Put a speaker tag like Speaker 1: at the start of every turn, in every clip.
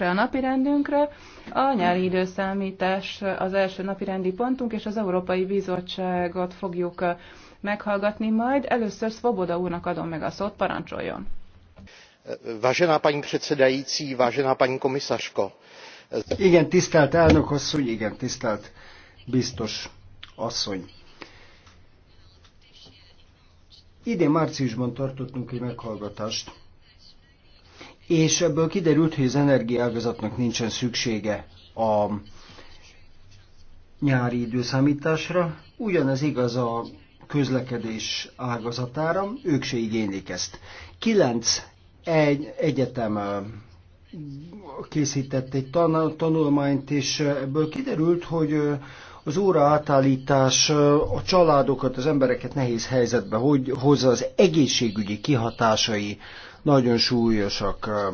Speaker 1: a napi rendünkre. A nyári időszámítás az első napi rendi pontunk, és az Európai Bizottságot fogjuk meghallgatni majd. Először Svoboda úrnak adom meg a szót, parancsoljon.
Speaker 2: Vážená paní předsedající, vážená paní komisařko. Igen, tisztelt elnök asszony, igen, tisztelt biztos asszony. Idén márciusban tartottunk egy meghallgatást és ebből kiderült, hogy az energiaágazatnak nincsen szüksége a nyári időszámításra. Ugyanez igaz a közlekedés ágazatára, ők se igénylik ezt. Kilenc egy, egyetem készített egy tan- tanulmányt, és ebből kiderült, hogy az óra átállítás a családokat, az embereket nehéz helyzetbe hogy hozza az egészségügyi kihatásai nagyon súlyosak.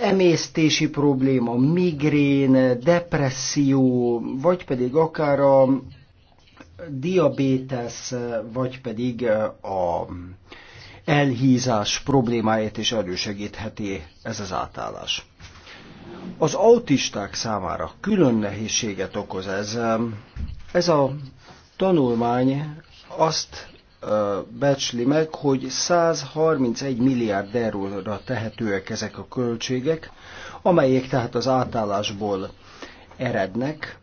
Speaker 2: Emésztési probléma, migrén, depresszió, vagy pedig akár a diabétesz, vagy pedig a elhízás problémáját is elősegítheti ez az átállás. Az autisták számára külön nehézséget okoz ez. Ez a tanulmány azt becsli meg, hogy 131 milliárd euróra tehetőek ezek a költségek, amelyek tehát az átállásból erednek.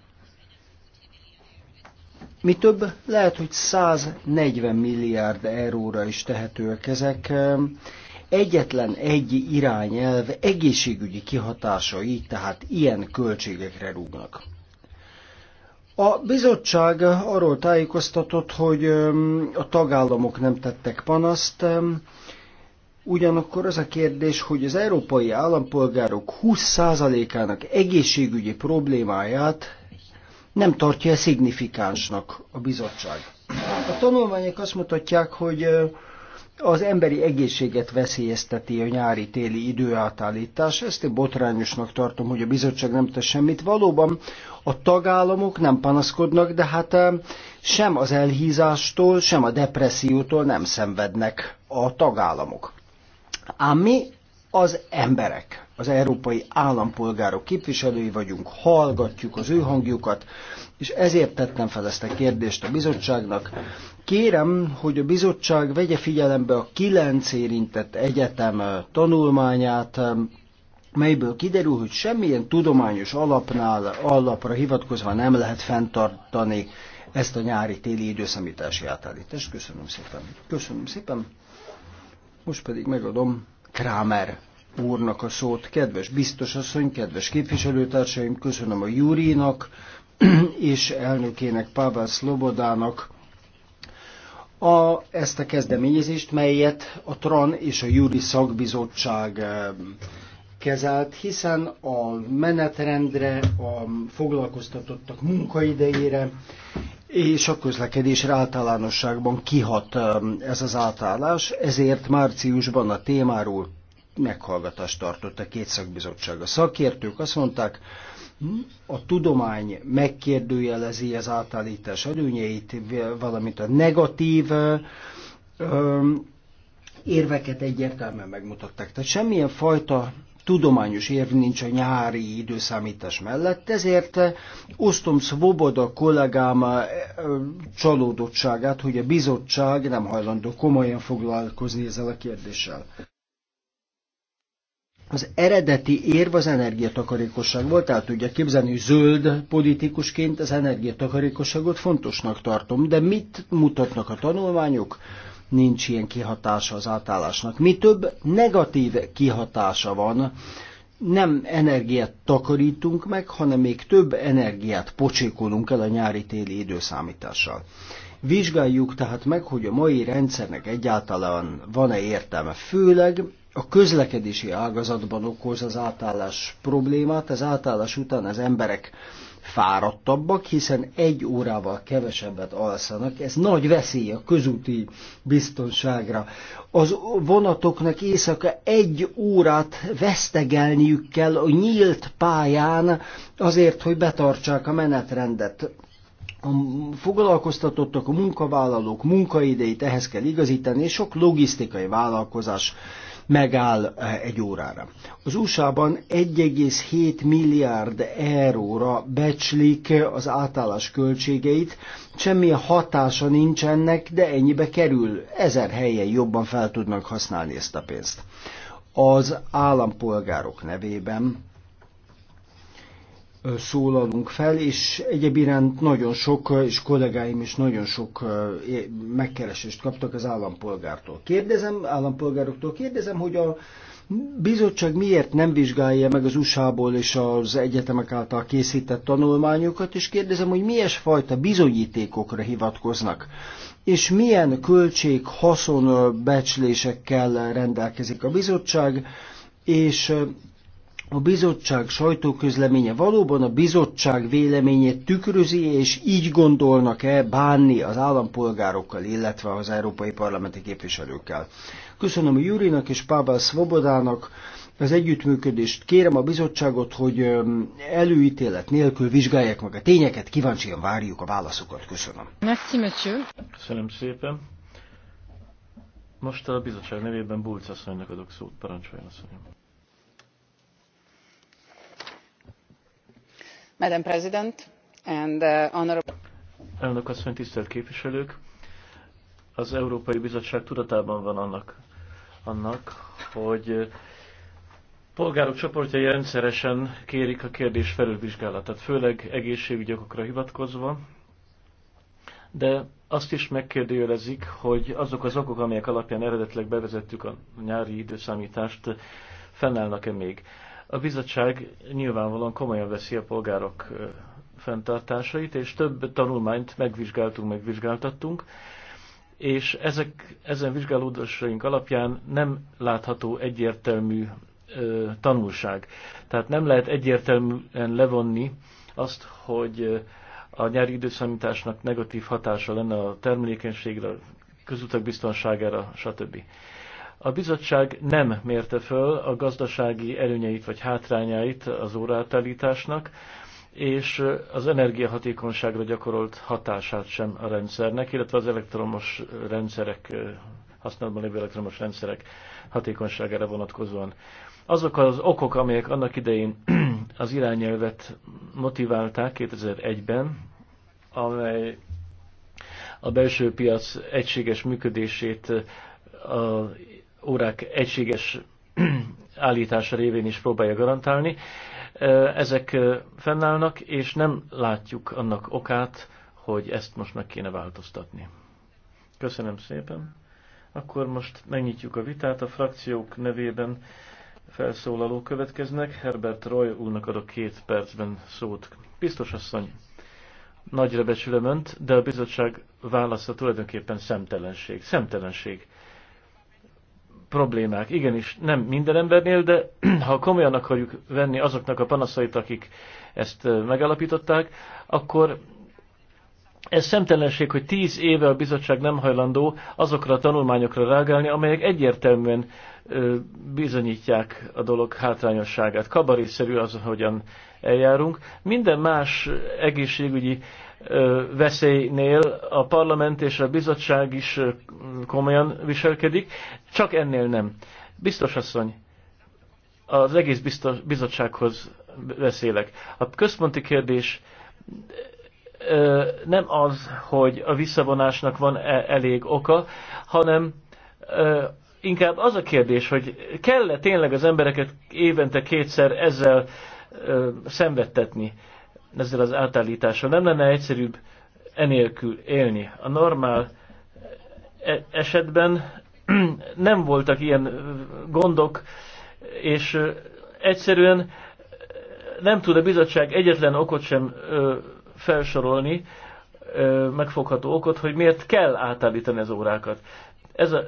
Speaker 2: Mi több, lehet, hogy 140 milliárd euróra is tehetőek ezek. Egyetlen egy irányelv egészségügyi kihatásai, tehát ilyen költségekre rúgnak. A bizottság arról tájékoztatott, hogy a tagállamok nem tettek panaszt, ugyanakkor az a kérdés, hogy az európai állampolgárok 20%-ának egészségügyi problémáját nem tartja -e szignifikánsnak a bizottság. A tanulmányok azt mutatják, hogy az emberi egészséget veszélyezteti a nyári-téli időátállítás. Ezt én botrányosnak tartom, hogy a bizottság nem tesz semmit. Valóban a tagállamok nem panaszkodnak, de hát eh, sem az elhízástól, sem a depressziótól nem szenvednek a tagállamok. Ám mi az emberek, az európai állampolgárok képviselői vagyunk, hallgatjuk az ő hangjukat, és ezért tettem fel ezt a kérdést a bizottságnak, Kérem, hogy a bizottság vegye figyelembe a kilenc érintett egyetem eh, tanulmányát, eh, melyből kiderül, hogy semmilyen tudományos alapnál, alapra hivatkozva nem lehet fenntartani ezt a nyári-téli időszámítási átállítást. Köszönöm szépen. Köszönöm szépen. Most pedig megadom Kramer úrnak a szót. Kedves biztos asszony, kedves képviselőtársaim, köszönöm a Júrinak és elnökének Pavel Szlobodának a, ezt a kezdeményezést, melyet a TRAN és a Júri Szakbizottság eh, kezelt, hiszen a menetrendre, a foglalkoztatottak munkaidejére és a közlekedésre általánosságban kihat eh, ez az átállás, ezért márciusban a témáról meghallgatást tartott a két szakbizottság. A szakértők azt mondták, a tudomány megkérdőjelezi az átállítás előnyeit, valamint a negatív érveket egyértelműen megmutatták. Tehát semmilyen fajta tudományos érv nincs a nyári időszámítás mellett, ezért osztom Svoboda kollégám csalódottságát, hogy a bizottság nem hajlandó komolyan foglalkozni ezzel a kérdéssel. Az eredeti érv az energiatakarékosság volt, tehát tudja képzelni, hogy zöld politikusként az energiatakarékosságot fontosnak tartom, de mit mutatnak a tanulmányok? Nincs ilyen kihatása az átállásnak. Mi több negatív kihatása van, nem energiát takarítunk meg, hanem még több energiát pocsékolunk el a nyári-téli időszámítással. Vizsgáljuk tehát meg, hogy a mai rendszernek egyáltalán van-e értelme, főleg a közlekedési ágazatban okoz az átállás problémát. Az átállás után az emberek fáradtabbak, hiszen egy órával kevesebbet alszanak. Ez nagy veszély a közúti biztonságra. Az vonatoknak éjszaka egy órát vesztegelniük kell a nyílt pályán azért, hogy betartsák a menetrendet. A foglalkoztatottak, a munkavállalók munkaidejét ehhez kell igazítani, és sok logisztikai vállalkozás megáll eh, egy órára. Az USA-ban 1,7 milliárd euróra becslik eh, az átállás költségeit, semmilyen hatása nincsennek, de ennyibe kerül, ezer helyen jobban fel tudnak használni ezt a pénzt. Az állampolgárok nevében szólalunk fel, és egyéb iránt nagyon sok, és kollégáim is nagyon sok megkeresést kaptak az állampolgártól. Kérdezem, állampolgároktól kérdezem, hogy a bizottság miért nem vizsgálja meg az USA-ból és az egyetemek által készített tanulmányokat, és kérdezem, hogy milyes fajta bizonyítékokra hivatkoznak, és milyen költség-haszon becslésekkel rendelkezik a bizottság, és a bizottság sajtóközleménye valóban a bizottság véleményét tükrözi, és így gondolnak-e bánni az állampolgárokkal, illetve az európai parlamenti képviselőkkel. Köszönöm a Jurinak és Pábel Szvobodának az együttműködést. Kérem a bizottságot, hogy előítélet nélkül vizsgálják meg a tényeket, kíváncsian várjuk
Speaker 3: a válaszokat. Köszönöm.
Speaker 2: Merci, monsieur.
Speaker 3: Köszönöm szépen. Most a bizottság nevében Bulc asszonynak adok szót, parancsoljon asszonyom.
Speaker 1: Uh,
Speaker 3: Elnök asszony, tisztelt képviselők! Az Európai Bizottság tudatában van annak, annak hogy uh, polgárok csoportjai rendszeresen kérik a kérdés felülvizsgálatát, főleg egészségügyi okokra hivatkozva, de azt is megkérdőjelezik, hogy azok az okok, amelyek alapján eredetileg bevezettük a nyári időszámítást, fennállnak-e még. A bizottság nyilvánvalóan komolyan veszi a polgárok fenntartásait, és több tanulmányt megvizsgáltunk, megvizsgáltattunk, és ezek, ezen vizsgálódásaink alapján nem látható egyértelmű ö, tanulság. Tehát nem lehet egyértelműen levonni azt, hogy a nyári időszámításnak negatív hatása lenne a termelékenységre, a közutak biztonságára, stb. A bizottság nem mérte föl a gazdasági előnyeit vagy hátrányait az órátállításnak, és az energiahatékonyságra gyakorolt hatását sem a rendszernek, illetve az elektromos rendszerek, használatban lévő elektromos rendszerek hatékonyságára vonatkozóan. Azok az okok, amelyek annak idején az irányelvet motiválták 2001-ben, amely a belső piac egységes működését a órák egységes állítása révén is próbálja garantálni. Ezek fennállnak, és nem látjuk annak okát, hogy ezt most meg kéne változtatni. Köszönöm szépen. Akkor most megnyitjuk a vitát. A frakciók nevében felszólaló következnek. Herbert Roy úrnak adok két percben szót. Biztos asszony, nagyra becsülöm önt, de a bizottság válasza tulajdonképpen szemtelenség. Szemtelenség problémák. Igenis, nem minden embernél, de ha komolyan akarjuk venni azoknak a panaszait, akik ezt megalapították, akkor ez szemtelenség, hogy tíz éve a bizottság nem hajlandó azokra a tanulmányokra reagálni, amelyek egyértelműen bizonyítják a dolog hátrányosságát. Kabarészszerű az, hogyan eljárunk. Minden más egészségügyi veszélynél a parlament és a bizottság is komolyan viselkedik, csak ennél nem. Biztos asszony, az egész biztos, bizottsághoz beszélek. A központi kérdés nem az, hogy a visszavonásnak van -e elég oka, hanem inkább az a kérdés, hogy kell-e tényleg az embereket évente kétszer ezzel szenvedtetni ezzel az átállítással. Nem lenne egyszerűbb enélkül élni. A normál e, esetben nem voltak ilyen gondok, és egyszerűen nem tud a bizottság egyetlen okot sem felsorolni, megfogható okot, hogy miért kell átállítani az órákat. Ez a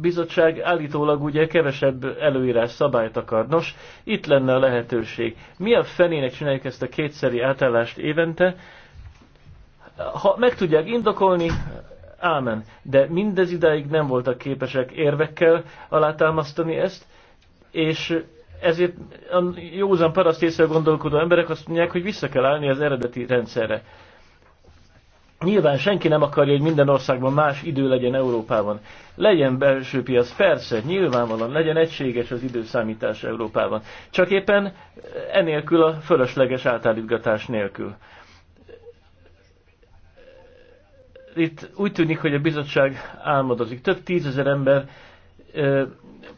Speaker 3: bizottság állítólag ugye kevesebb előírás szabályt akar. Nos, itt lenne a lehetőség. Mi a fenének csináljuk ezt a kétszeri átállást évente? Ha meg tudják indokolni, ámen. De mindez idáig nem voltak képesek érvekkel alátámasztani ezt, és ezért a józan paraszt észre gondolkodó emberek azt mondják, hogy vissza kell állni az eredeti rendszerre. Nyilván senki nem akarja, hogy minden országban más idő legyen Európában. Legyen belső piac, persze, nyilvánvalóan legyen egységes az időszámítás Európában. Csak éppen enélkül a fölösleges átállítgatás nélkül. Itt úgy tűnik, hogy a bizottság álmodozik. Több tízezer ember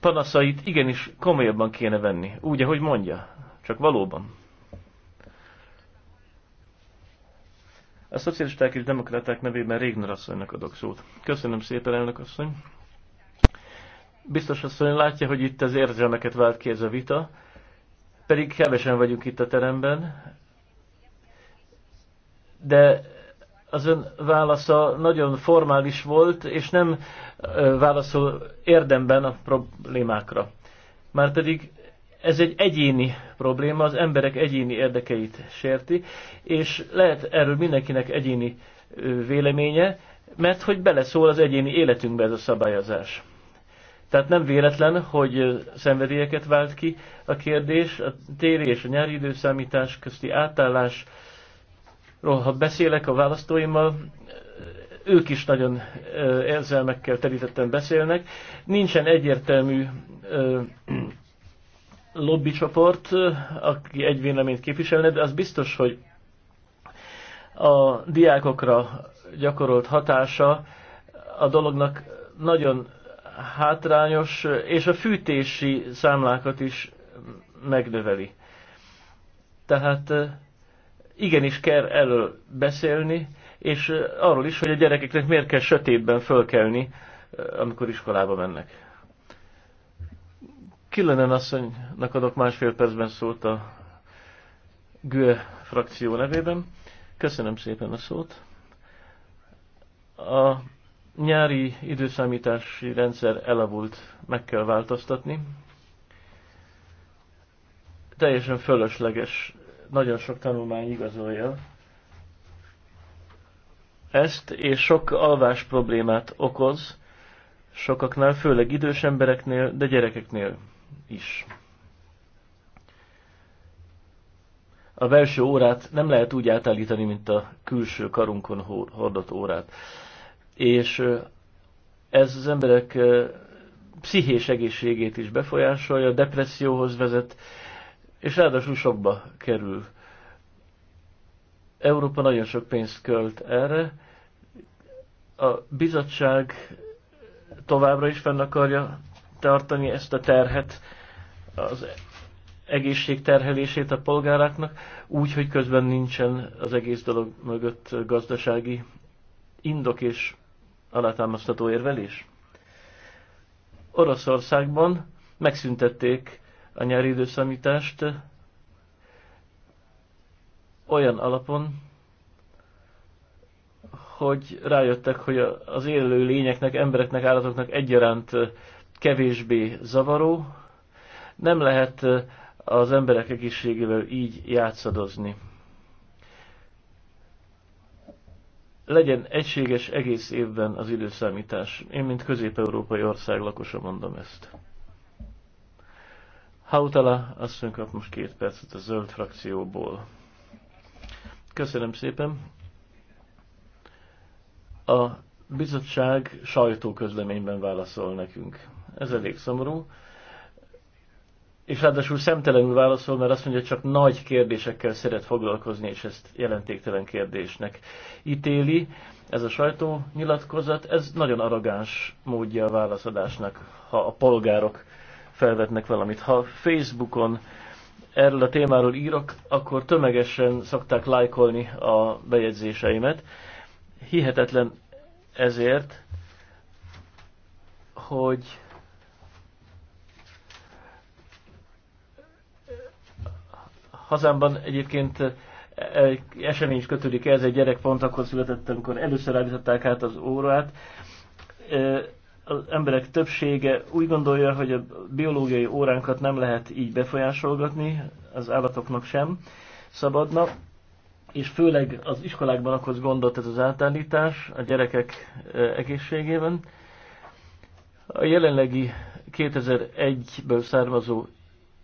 Speaker 3: panaszait igenis komolyabban kéne venni. Úgy, ahogy mondja. Csak valóban. A szocialisták és demokraták nevében Régner asszonynak adok szót. Köszönöm szépen, elnök asszony. Biztos asszony látja, hogy itt az érzelmeket vált ki ez a vita, pedig kevesen vagyunk itt a teremben, de az ön válasza nagyon formális volt, és nem válaszol érdemben a problémákra. Márpedig ez egy egyéni probléma, az emberek egyéni érdekeit sérti, és lehet erről mindenkinek egyéni véleménye, mert hogy beleszól az egyéni életünkbe ez a szabályozás. Tehát nem véletlen, hogy szenvedélyeket vált ki a kérdés, a téri és a nyári időszámítás közti átállásról, ha beszélek a választóimmal, ők is nagyon érzelmekkel terítetten beszélnek. Nincsen egyértelmű lobby csoport, aki egy véleményt képviselne, de az biztos, hogy a diákokra gyakorolt hatása a dolognak nagyon hátrányos, és a fűtési számlákat is megnöveli. Tehát eh, igenis kell elől beszélni, és eh, arról is, hogy a gyerekeknek miért kell sötétben fölkelni, eh, amikor iskolába mennek. Killenen asszonynak adok másfél percben szót a GÜE frakció nevében. Köszönöm szépen a szót. A nyári időszámítási rendszer elavult, meg kell változtatni. Teljesen fölösleges, nagyon sok tanulmány igazolja ezt, és sok alvás problémát okoz sokaknál, főleg idős embereknél, de gyerekeknél is. A belső órát nem lehet úgy átállítani, mint a külső karunkon hordott órát. És ez az emberek pszichés egészségét is befolyásolja, depresszióhoz vezet, és ráadásul sokba kerül. Európa nagyon sok pénzt költ erre. A bizottság továbbra is fenn akarja tartani ezt a terhet, az egészség terhelését a polgáráknak, úgy, hogy közben nincsen az egész dolog mögött gazdasági indok és alátámasztató érvelés. Oroszországban megszüntették a nyári időszámítást olyan alapon, hogy rájöttek, hogy az élő lényeknek, embereknek, állatoknak egyaránt kevésbé zavaró. Nem lehet az emberek egészségével így játszadozni. Legyen egységes egész évben az időszámítás. Én, mint közép-európai ország lakosa mondom ezt. Hautala asszony kap most két percet a zöld frakcióból. Köszönöm szépen. A bizottság sajtóközleményben válaszol nekünk ez elég szomorú. És ráadásul szemtelenül válaszol, mert azt mondja, hogy csak nagy kérdésekkel szeret foglalkozni, és ezt jelentéktelen kérdésnek ítéli. Ez a sajtó nyilatkozat, ez nagyon arrogáns módja a válaszadásnak, ha a polgárok felvetnek valamit. Ha Facebookon erről a témáról írok, akkor tömegesen szokták lájkolni a bejegyzéseimet. Hihetetlen ezért, hogy Hazámban egyébként eh, esemény is kötődik ez, egy gyerek pont akkor született, amikor először állították át az órát. Eh, az emberek többsége úgy gondolja, hogy a biológiai óránkat nem lehet így befolyásolgatni, az állatoknak sem szabadna, és főleg az iskolákban okoz gondot ez az átállítás a gyerekek eh, egészségében. A jelenlegi 2001-ből származó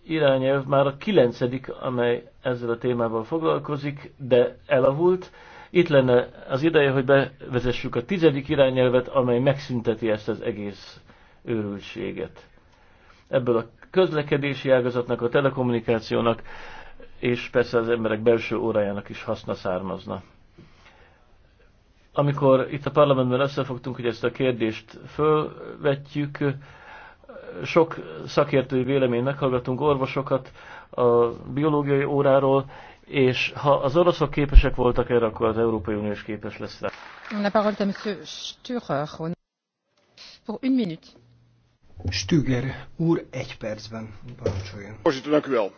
Speaker 3: irányelv már a kilencedik, amely ezzel a témával foglalkozik, de elavult. Itt lenne az ideje, hogy bevezessük a tizedik irányelvet, amely megszünteti ezt az egész őrültséget. Ebből a közlekedési ágazatnak, a telekommunikációnak és persze az emberek belső órájának is haszna származna. Amikor itt a parlamentben összefogtunk, hogy ezt a kérdést fölvetjük, sok szakértői vélemény meghallgatunk, orvosokat a biológiai óráról, és ha az oroszok képesek voltak erre, akkor az Európai Unió is képes lesz rá.
Speaker 1: La parole est à monsieur Stürer pour une minute.
Speaker 2: Stüger úr egy percben parancsoljon. Voorzitter, dank u wel.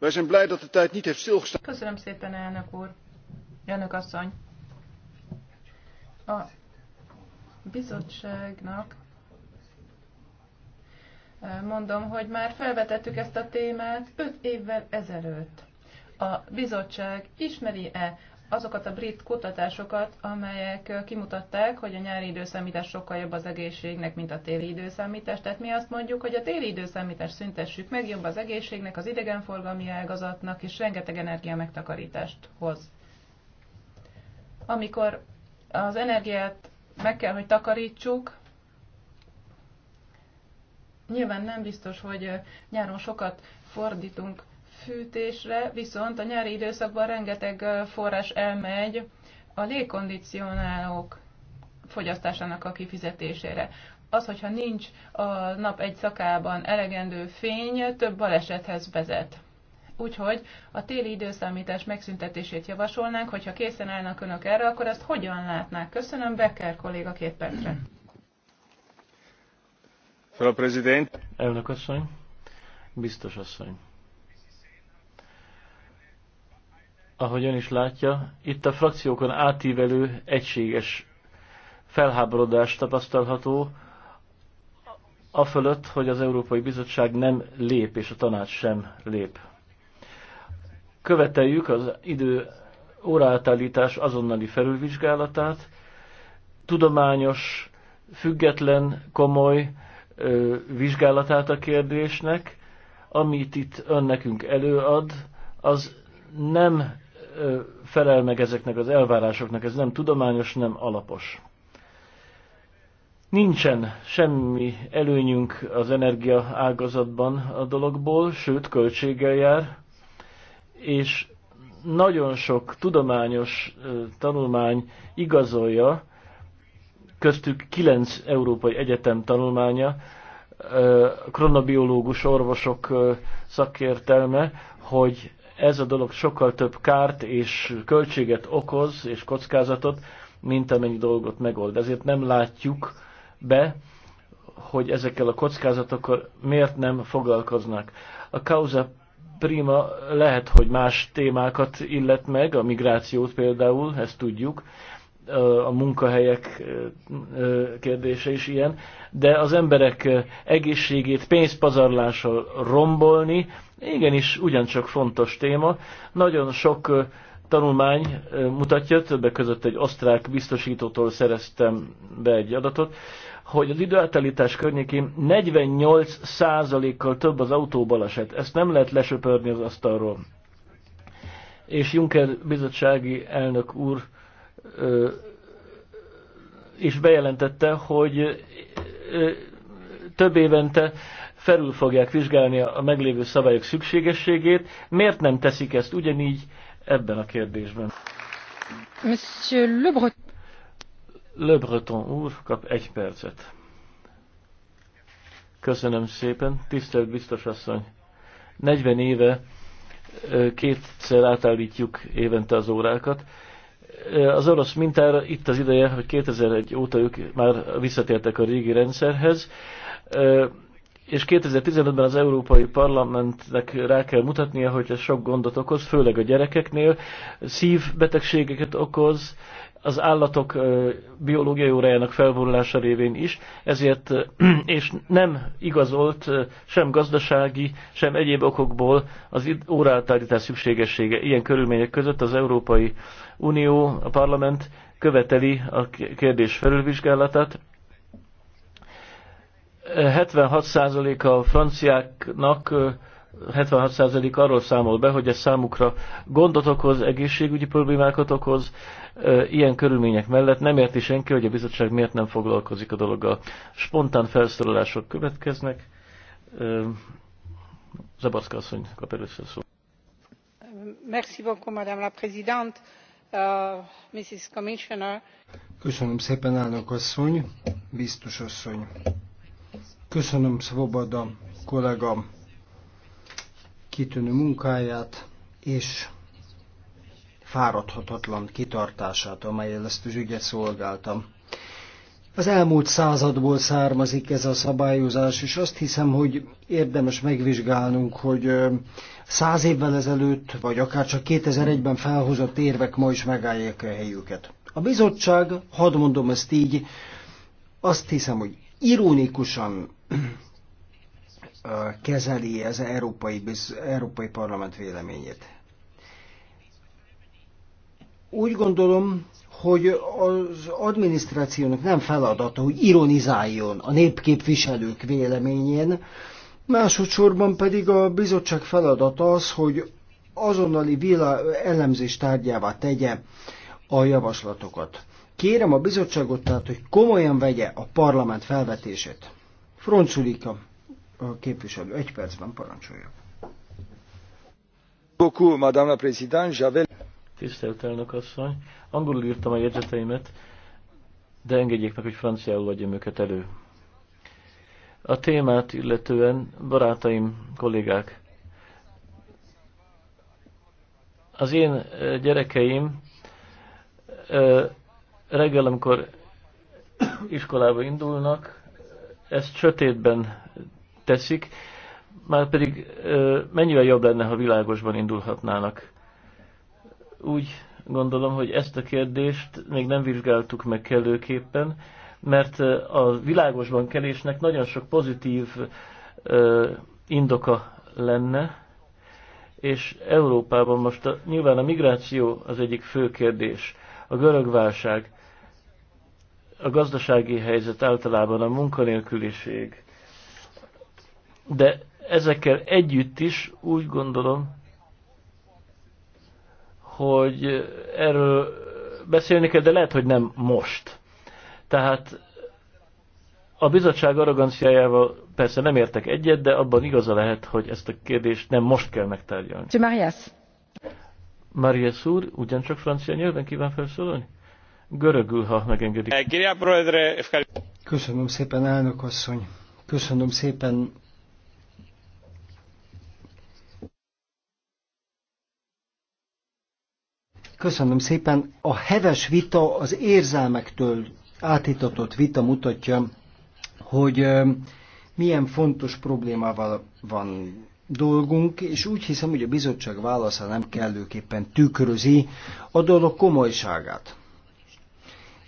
Speaker 2: Wij zijn blij dat de tijd niet heeft stilgestaan.
Speaker 1: Köszönöm szépen, elnök úr. Elnök asszony. A bizottságnak mondom, hogy már felvetettük ezt a témát 5 évvel ezelőtt. A bizottság ismeri-e azokat a brit kutatásokat, amelyek kimutatták, hogy a nyári időszámítás sokkal jobb az egészségnek, mint a téli időszámítás. Tehát mi azt mondjuk, hogy a téli időszámítás szüntessük meg, jobb az egészségnek, az idegenforgalmi ágazatnak, és rengeteg energia megtakarítást hoz. Amikor az energiát meg kell, hogy takarítsuk, Nyilván nem biztos, hogy nyáron sokat fordítunk fűtésre, viszont a nyári időszakban rengeteg forrás elmegy a légkondicionálók fogyasztásának a kifizetésére. Az, hogyha nincs a nap egy szakában elegendő fény, több balesethez vezet. Úgyhogy a téli időszámítás megszüntetését javasolnánk, hogyha készen állnak önök erre, akkor ezt hogyan látnák? Köszönöm, Becker kolléga két percre.
Speaker 3: Elnök asszony, biztos asszony. Ahogy ön is látja, itt a frakciókon átívelő egységes felháborodás tapasztalható, afölött, hogy az Európai Bizottság nem lép, és a tanács sem lép. Követeljük az idő óráltállítás azonnali felülvizsgálatát, tudományos, független, komoly, vizsgálatát a kérdésnek. Amit itt ön nekünk előad, az nem felel meg ezeknek az elvárásoknak, ez nem tudományos, nem alapos. Nincsen semmi előnyünk az energia ágazatban a dologból, sőt költséggel jár, és nagyon sok tudományos tanulmány igazolja, köztük kilenc európai egyetem tanulmánya, kronobiológus orvosok szakértelme, hogy ez a dolog sokkal több kárt és költséget okoz, és kockázatot, mint amennyi dolgot megold. Ezért nem látjuk be, hogy ezekkel a kockázatokkal miért nem foglalkoznak. A causa prima lehet, hogy más témákat illet meg, a migrációt például, ezt tudjuk, a munkahelyek kérdése is ilyen, de az emberek egészségét pénzpazarlással rombolni, igenis ugyancsak fontos téma. Nagyon sok tanulmány mutatja, többek között egy osztrák biztosítótól szereztem be egy adatot, hogy az időáltalítás környékén 48%-kal több az autóbaleset. Ezt nem lehet lesöpörni az asztalról. És Juncker bizottsági elnök úr is bejelentette, hogy több évente felül fogják vizsgálni a meglévő szabályok szükségességét. Miért nem teszik ezt ugyanígy ebben a kérdésben?
Speaker 1: Monsieur Le Breton.
Speaker 3: Le Breton úr kap egy percet. Köszönöm szépen, tisztelt biztos asszony. 40 éve kétszer átállítjuk évente az órákat az orosz mintára itt az ideje, hogy 2001 óta ők már visszatértek a régi rendszerhez, és 2015-ben az Európai Parlamentnek rá kell mutatnia, hogy ez sok gondot okoz, főleg a gyerekeknél, szívbetegségeket okoz, az állatok biológiai órájának felvonulása révén is, ezért és nem igazolt sem gazdasági, sem egyéb okokból az óraátállítás szükségessége. Ilyen körülmények között az Európai Unió, a parlament követeli a kérdés felülvizsgálatát. 76% a franciáknak 76% arról számol be, hogy ez számukra gondot okoz, egészségügyi problémákat okoz, ilyen körülmények mellett nem érti senki, hogy a bizottság miért nem foglalkozik a dologgal. Spontán felszólalások következnek. Zabarszka asszony kap először szó.
Speaker 1: Merci beaucoup, madame la présidente, Mrs. Commissioner.
Speaker 2: Köszönöm szépen, elnök asszony, biztos asszony. Köszönöm Svoboda kollega kitűnő munkáját, és fáradhatatlan kitartását, amelyel ezt az ügyet szolgáltam. Az elmúlt századból származik ez a szabályozás, és azt hiszem, hogy érdemes megvizsgálnunk, hogy száz évvel ezelőtt, vagy akár csak 2001-ben felhozott érvek ma is megállják a helyüket. A bizottság, hadd mondom ezt így, azt hiszem, hogy ironikusan kezeli az Európai, Európai Parlament véleményét. Úgy gondolom, hogy az adminisztrációnak nem feladata, hogy ironizáljon a népképviselők véleményén, másodszorban pedig a bizottság feladata az, hogy azonnali vilá elemzés tárgyává tegye a javaslatokat. Kérem a bizottságot tehát, hogy komolyan vegye a parlament felvetését. Fronculika
Speaker 3: képviselő, egy percben parancsolja. Tisztelt elnök asszony, angolul írtam a jegyzeteimet, de engedjék meg, hogy franciául adjam őket elő. A témát illetően barátaim, kollégák, az én gyerekeim reggel, amikor iskolába indulnak, ezt sötétben teszik, már pedig mennyivel jobb lenne, ha világosban indulhatnának úgy gondolom, hogy ezt a kérdést még nem vizsgáltuk meg kellőképpen, mert a világosban kelésnek nagyon sok pozitív ö, indoka lenne, és Európában most a, nyilván a migráció az egyik fő kérdés, a görög válság, a gazdasági helyzet általában, a munkanélküliség, de ezekkel együtt is úgy gondolom, hogy erről beszélni kell, de lehet, hogy nem most. Tehát a bizottság arroganciájával persze nem értek egyet, de abban igaza lehet, hogy ezt a kérdést nem most kell megtárgyalni. Marias. Marias úr, ugyancsak francia nyelven kíván felszólalni? Görögül, ha megengedik. Eh, Köszönöm szépen, elnök asszony. Köszönöm
Speaker 2: szépen Köszönöm szépen. A heves vita az érzelmektől átítatott vita mutatja, hogy milyen fontos problémával van dolgunk, és úgy hiszem, hogy a bizottság válasza nem kellőképpen tükrözi a dolog komolyságát.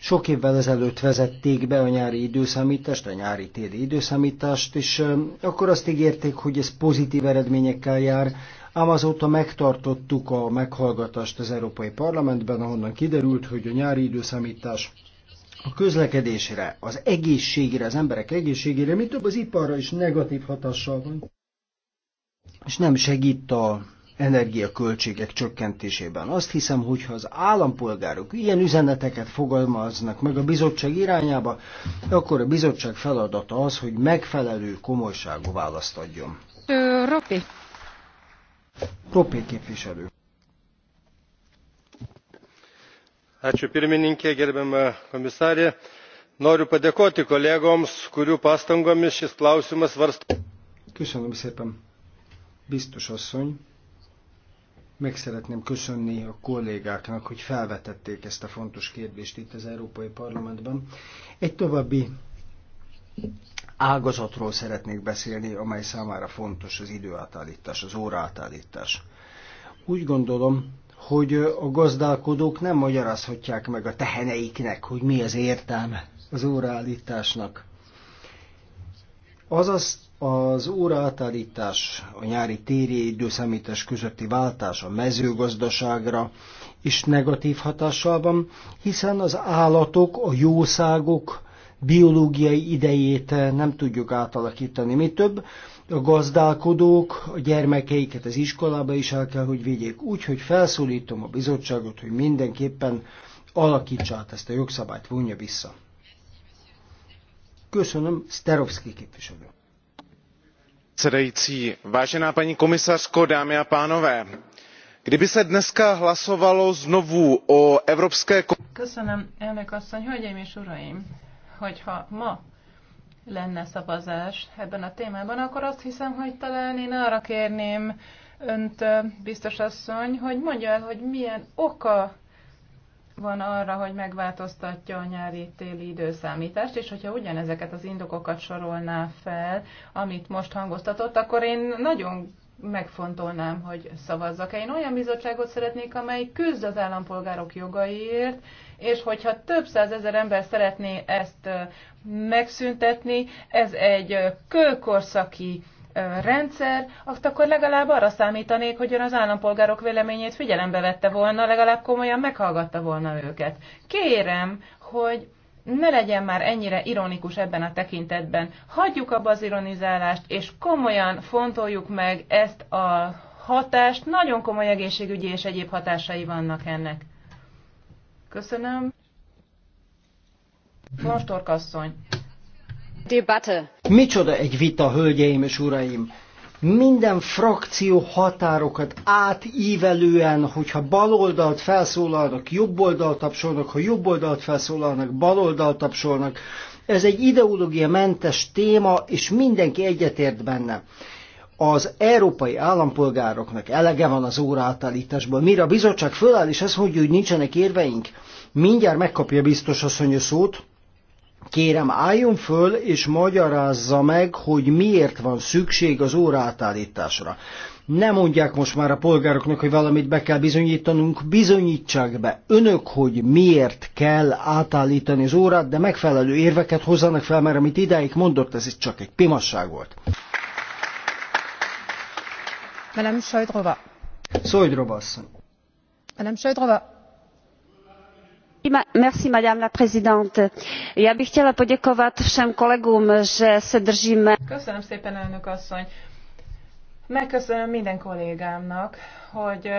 Speaker 2: Sok évvel ezelőtt vezették be a nyári időszámítást, a nyári-téli időszámítást, és akkor azt ígérték, hogy ez pozitív eredményekkel jár, ám azóta megtartottuk a meghallgatást az Európai Parlamentben, ahonnan kiderült, hogy a nyári időszámítás a közlekedésre, az egészségre, az emberek egészségére, mint több az iparra is negatív hatással van, és nem segít a energiaköltségek csökkentésében. Azt hiszem, hogy ha az állampolgárok ilyen üzeneteket fogalmaznak meg a bizottság irányába, akkor a bizottság feladata az, hogy megfelelő komolyságú választ adjon. Ropi. Ropi képviselő. Ačiū pirmininkė, gerbiama komisarė. Noriu padėkoti kolegoms, kurių pastangomis šis klausimas varst. Köszönöm szépen, biztos asszony. Meg szeretném köszönni a kollégáknak, hogy felvetették ezt a fontos kérdést itt az Európai Parlamentben. Egy további ágazatról szeretnék beszélni, amely számára fontos az időátállítás, az óraátállítás. Úgy gondolom, hogy a gazdálkodók nem magyarázhatják meg a teheneiknek, hogy mi az értelme az óraállításnak. Azaz az óraátállítás, a nyári téri időszámítás közötti váltás a mezőgazdaságra is negatív hatással van, hiszen az állatok, a jószágok biológiai idejét nem tudjuk átalakítani. Mi több, a gazdálkodók a gyermekeiket az iskolába is el kell, hogy vigyék. Úgyhogy felszólítom a bizottságot, hogy mindenképpen alakítsa át ezt a jogszabályt, vonja vissza. Köszönöm, Sterovski képviselő předsedající vážená paní komisařko dámy a pánové
Speaker 1: kdyby se dnes hlasovalo znovu o evropské. elnök asszony hölgyeim és uraim hogyha ma lenne szavazás ebben a témában akkor azt hiszem hogy talán én arra kérném önt biztos asszony hogy mondja el hogy milyen oka van arra, hogy megváltoztatja a nyári-téli időszámítást, és hogyha ugyanezeket az indokokat sorolná fel, amit most hangoztatott, akkor én nagyon megfontolnám, hogy szavazzak. Én olyan bizottságot szeretnék, amely küzd az állampolgárok jogaiért, és hogyha több százezer ember szeretné ezt megszüntetni, ez egy kőkorszaki rendszer, akkor legalább arra számítanék, hogy ön az állampolgárok véleményét figyelembe vette volna, legalább komolyan meghallgatta volna őket. Kérem, hogy ne legyen már ennyire ironikus ebben a tekintetben. Hagyjuk abba az ironizálást, és komolyan fontoljuk meg ezt a hatást. Nagyon komoly egészségügyi és egyéb hatásai vannak ennek. Köszönöm. Mostorkasszony. Debatte
Speaker 2: Micsoda egy vita, hölgyeim és uraim! Minden frakció határokat átívelően, hogyha baloldalt felszólalnak, jobboldalt tapsolnak, ha jobboldalt felszólalnak, baloldalt tapsolnak. Ez egy ideológia mentes téma, és mindenki egyetért benne az európai állampolgároknak elege van az óraátállításból. Mire a bizottság föláll, és Ez mondja, hogy nincsenek érveink, mindjárt megkapja biztos asszony a szót, Kérem, álljon föl és magyarázza meg, hogy miért van szükség az óraátállításra. Nem mondják most már a polgároknak, hogy valamit be kell bizonyítanunk, bizonyítsák be önök, hogy miért kell átállítani az órát, de megfelelő érveket hozzanak fel, mert amit idáig mondott, ez itt csak egy pimasság volt. Madame Sojdrova. Sojdrova asszony.
Speaker 1: Madame Sojdrova já bych chtěla poděkovat všem kolegům že se držíme. köszönöm szépen elnök asszony megköszönöm minden kollégámnak hogy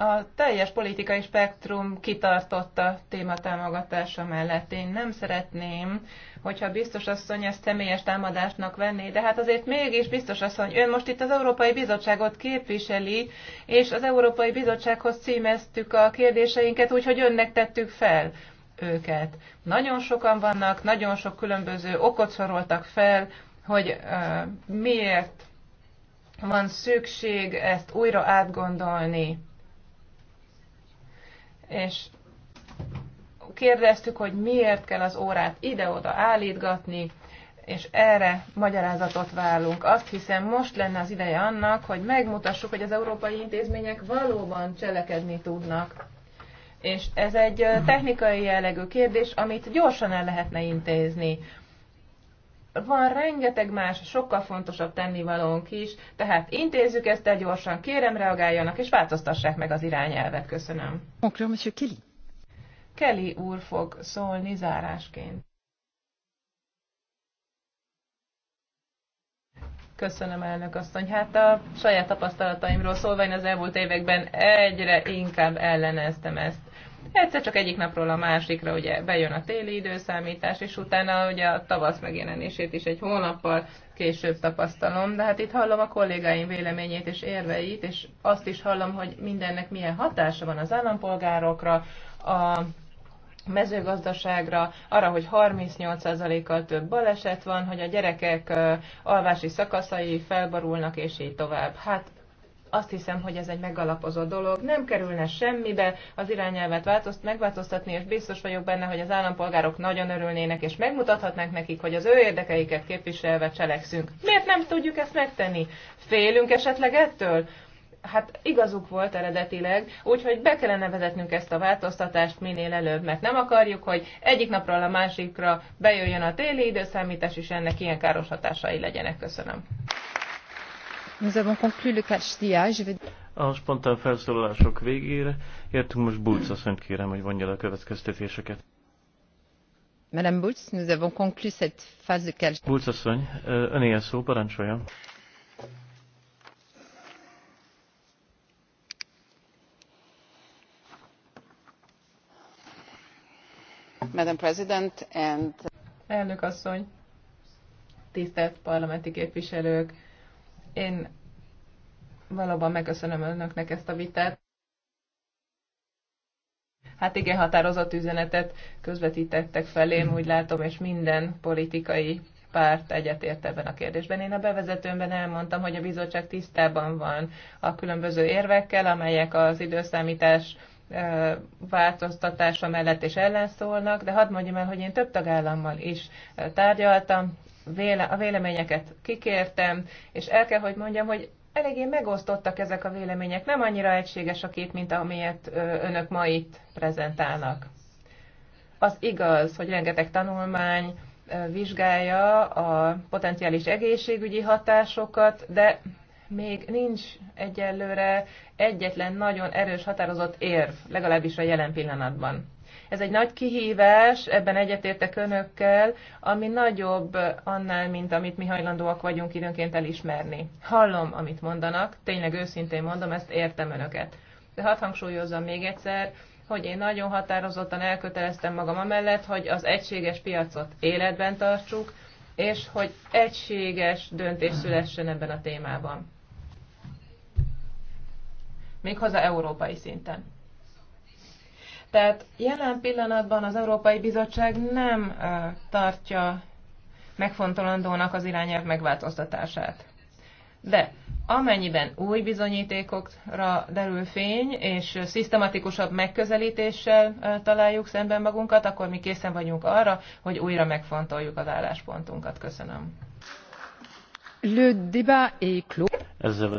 Speaker 1: a teljes politikai spektrum kitartott a téma támogatása mellett. Én nem szeretném, hogyha biztos asszony ezt személyes támadásnak venné, de hát azért mégis biztos asszony, ön most itt az Európai Bizottságot képviseli, és az Európai Bizottsághoz címeztük a kérdéseinket, úgyhogy önnek tettük fel őket. Nagyon sokan vannak, nagyon sok különböző okot soroltak fel, hogy uh, miért van szükség ezt újra átgondolni és kérdeztük, hogy miért kell az órát ide-oda állítgatni, és erre magyarázatot válunk. Azt hiszem, most lenne az ideje annak, hogy megmutassuk, hogy az európai intézmények valóban cselekedni tudnak. És ez egy technikai jellegű kérdés, amit gyorsan el lehetne intézni van rengeteg más, sokkal fontosabb tennivalónk is, tehát intézzük ezt el gyorsan, kérem reagáljanak, és változtassák meg az irányelvet. Köszönöm. Kelly. Kelly úr fog szólni zárásként. Köszönöm, elnök asszony. Hát a saját tapasztalataimról szólva én az elmúlt években egyre inkább elleneztem ezt Egyszer csak egyik napról a másikra ugye bejön a téli időszámítás, és utána ugye a tavasz megjelenését is egy hónappal később tapasztalom, de hát itt hallom a kollégáim véleményét és érveit, és azt is hallom, hogy mindennek milyen hatása van az állampolgárokra, a mezőgazdaságra, arra, hogy 38%-kal több baleset van, hogy a gyerekek alvási szakaszai felborulnak, és így tovább. Hát azt hiszem, hogy ez egy megalapozott dolog. Nem kerülne semmibe az irányelvet változt, megváltoztatni, és biztos vagyok benne, hogy az állampolgárok nagyon örülnének, és megmutathatnánk nekik, hogy az ő érdekeiket képviselve cselekszünk. Miért nem tudjuk ezt megtenni? Félünk esetleg ettől? hát igazuk volt eredetileg, úgyhogy be kellene vezetnünk ezt a változtatást minél előbb, mert nem akarjuk, hogy egyik napról a másikra bejöjjön a téli időszámítás, és ennek ilyen káros hatásai legyenek. Köszönöm. Nous
Speaker 3: A spontán felszólalások végére értünk most Bulc asszonyt kérem, hogy mondja le a következtetéseket.
Speaker 1: Madame Bulc, nous avons conclu cette phase de catch.
Speaker 3: Bulc asszony, öné a szó, parancsolja.
Speaker 1: Madame President and... Elnök asszony, tisztelt parlamenti képviselők, én valóban megköszönöm önöknek ezt a vitát. Hát igen, határozott üzenetet közvetítettek felém, úgy látom, és minden politikai párt egyetért ebben a kérdésben. Én a bevezetőmben elmondtam, hogy a bizottság tisztában van a különböző érvekkel, amelyek az időszámítás változtatása mellett is ellenszólnak, de hadd mondjam el, hogy én több tagállammal is tárgyaltam, véle a véleményeket kikértem, és el kell, hogy mondjam, hogy eléggé megosztottak ezek a vélemények, nem annyira egységes a kép, mint amilyet önök ma itt prezentálnak. Az igaz, hogy rengeteg tanulmány vizsgálja a potenciális egészségügyi hatásokat, de még nincs egyelőre egyetlen nagyon erős határozott érv, legalábbis a jelen pillanatban. Ez egy nagy kihívás, ebben egyetértek önökkel, ami nagyobb annál, mint amit mi hajlandóak vagyunk időnként elismerni. Hallom, amit mondanak, tényleg őszintén mondom, ezt értem önöket. De hadd hangsúlyozzam még egyszer, hogy én nagyon határozottan elköteleztem magam amellett, hogy az egységes piacot életben tartsuk, és hogy egységes döntés szülessen ebben a témában méghozzá európai szinten. Tehát jelen pillanatban az Európai Bizottság nem tartja megfontolandónak az irányelv megváltoztatását. De amennyiben új bizonyítékokra derül fény, és szisztematikusabb megközelítéssel találjuk szemben magunkat, akkor mi készen vagyunk arra, hogy újra megfontoljuk az álláspontunkat. Köszönöm. Le débat est clos.